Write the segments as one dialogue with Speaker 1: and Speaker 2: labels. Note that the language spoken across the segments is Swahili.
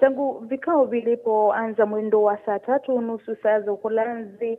Speaker 1: Tangu vikao vilipoanza mwendo wa saa tatu nusu saa za Uholanzi,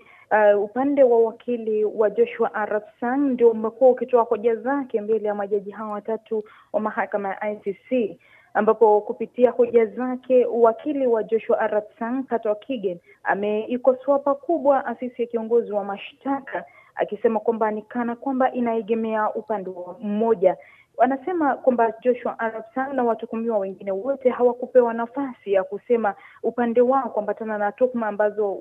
Speaker 1: uh, upande wa wakili wa Joshua Arap Sang ndio umekuwa ukitoa hoja zake mbele ya majaji hawa watatu wa mahakama ya ICC ambapo kupitia hoja zake wakili wa Joshua Arap Sang Katwa Kigen ameikosoa pakubwa afisi ya kiongozi wa mashtaka akisema kwamba ni kana kwamba inaegemea upande mmoja wanasema kwamba Joshua Arap Sang na watuhumiwa wengine wote hawakupewa nafasi ya kusema upande wao kuambatana na tuhuma ambazo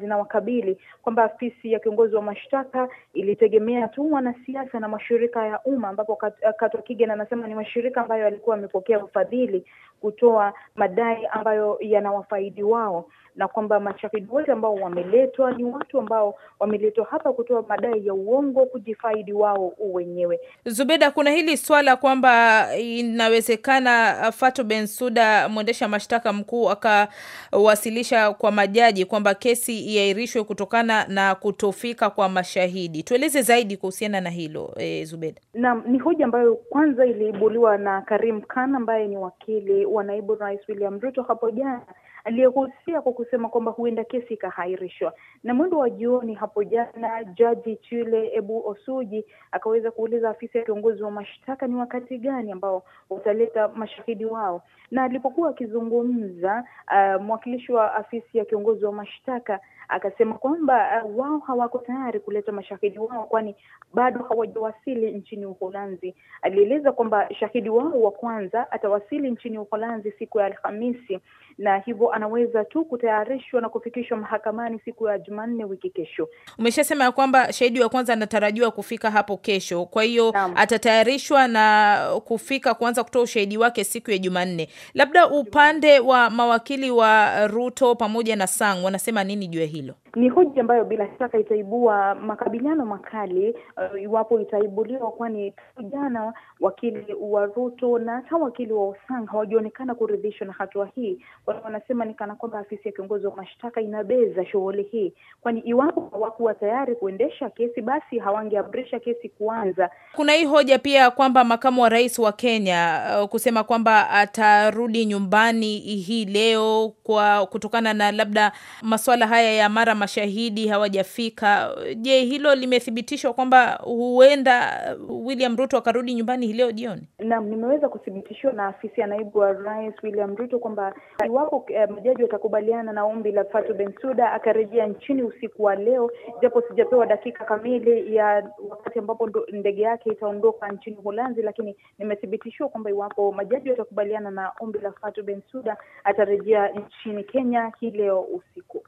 Speaker 1: zinawakabili zina kwamba afisi ya kiongozi wa mashtaka ilitegemea tu wanasiasa na mashirika ya umma, ambapo Katwa Kigen anasema ni mashirika ambayo yalikuwa yamepokea ufadhili kutoa madai ambayo yanawafaidi wao na kwamba mashahidi wote ambao wameletwa ni watu ambao wameletwa hapa kutoa madai ya uongo kujifaidi wao wenyewe. Zubeda,
Speaker 2: kuna hili hili swala kwamba inawezekana Fatu bensuda mwendesha mashtaka mkuu, akawasilisha kwa majaji kwamba kesi iahirishwe kutokana na kutofika kwa mashahidi. Tueleze zaidi kuhusiana na hilo e, Zubeda.
Speaker 1: Naam, ni hoja ambayo kwanza iliibuliwa na Karim Khan ambaye ni wakili wa naibu rais William Ruto hapo jana aliyehusia kwa kusema kwamba huenda kesi ikahairishwa. Na mwendo wa jioni hapo jana, jaji Chule Ebu Osuji akaweza kuuliza afisa ya kiongozi wa mashtaka mashtaka ni wakati gani ambao wataleta mashahidi wao. Na alipokuwa akizungumza uh, mwakilishi wa afisi ya kiongozi wa mashtaka akasema kwamba uh, wao hawako tayari kuleta mashahidi wao kwani bado hawajawasili nchini Uholanzi. Alieleza kwamba shahidi wao wa kwanza atawasili nchini Uholanzi siku ya Alhamisi na hivyo anaweza tu kutayarishwa na kufikishwa mahakamani siku ya Jumanne wiki kesho.
Speaker 2: Umeshasema ya kwamba shahidi wa kwanza anatarajiwa kufika hapo kesho, kwa hiyo atatayarishwa kuapishwa na kufika kuanza kutoa ushahidi wake siku ya Jumanne. Labda upande wa mawakili wa Ruto pamoja na Sang wanasema nini juu ya hilo?
Speaker 1: Ni hoja ambayo bila shaka itaibua makabiliano makali uh, iwapo itaibuliwa, kwani jana wakili wa Ruto na hata wakili wa Osang hawajionekana kuridhishwa na hatua hii, kwani wanasema ni kana kwamba afisi ya kiongozi wa mashtaka inabeza shughuli hii, kwani iwapo hawakuwa tayari kuendesha kesi, basi hawangeamrisha kesi kuanza.
Speaker 2: Kuna hii hoja pia kwa kwamba makamu wa rais wa Kenya uh, kusema kwamba atarudi nyumbani hii leo kwa kutokana na labda masuala haya ya mara mashahidi hawajafika. Je, hilo limethibitishwa kwamba huenda William Ruto akarudi nyumbani hii leo jioni?
Speaker 1: Naam, nimeweza kuthibitishwa na afisi ya naibu wa rais William Ruto kwamba iwapo eh, majaji watakubaliana na ombi la fatu bensuda akarejea nchini usiku wa leo, japo sijapewa dakika kamili ya wakati ambapo ndege yake itaondoka nchini Uholanzi, lakini nimethibitishwa kwamba iwapo majaji watakubaliana na ombi la Fatou Bensouda atarejea nchini Kenya hii leo usiku.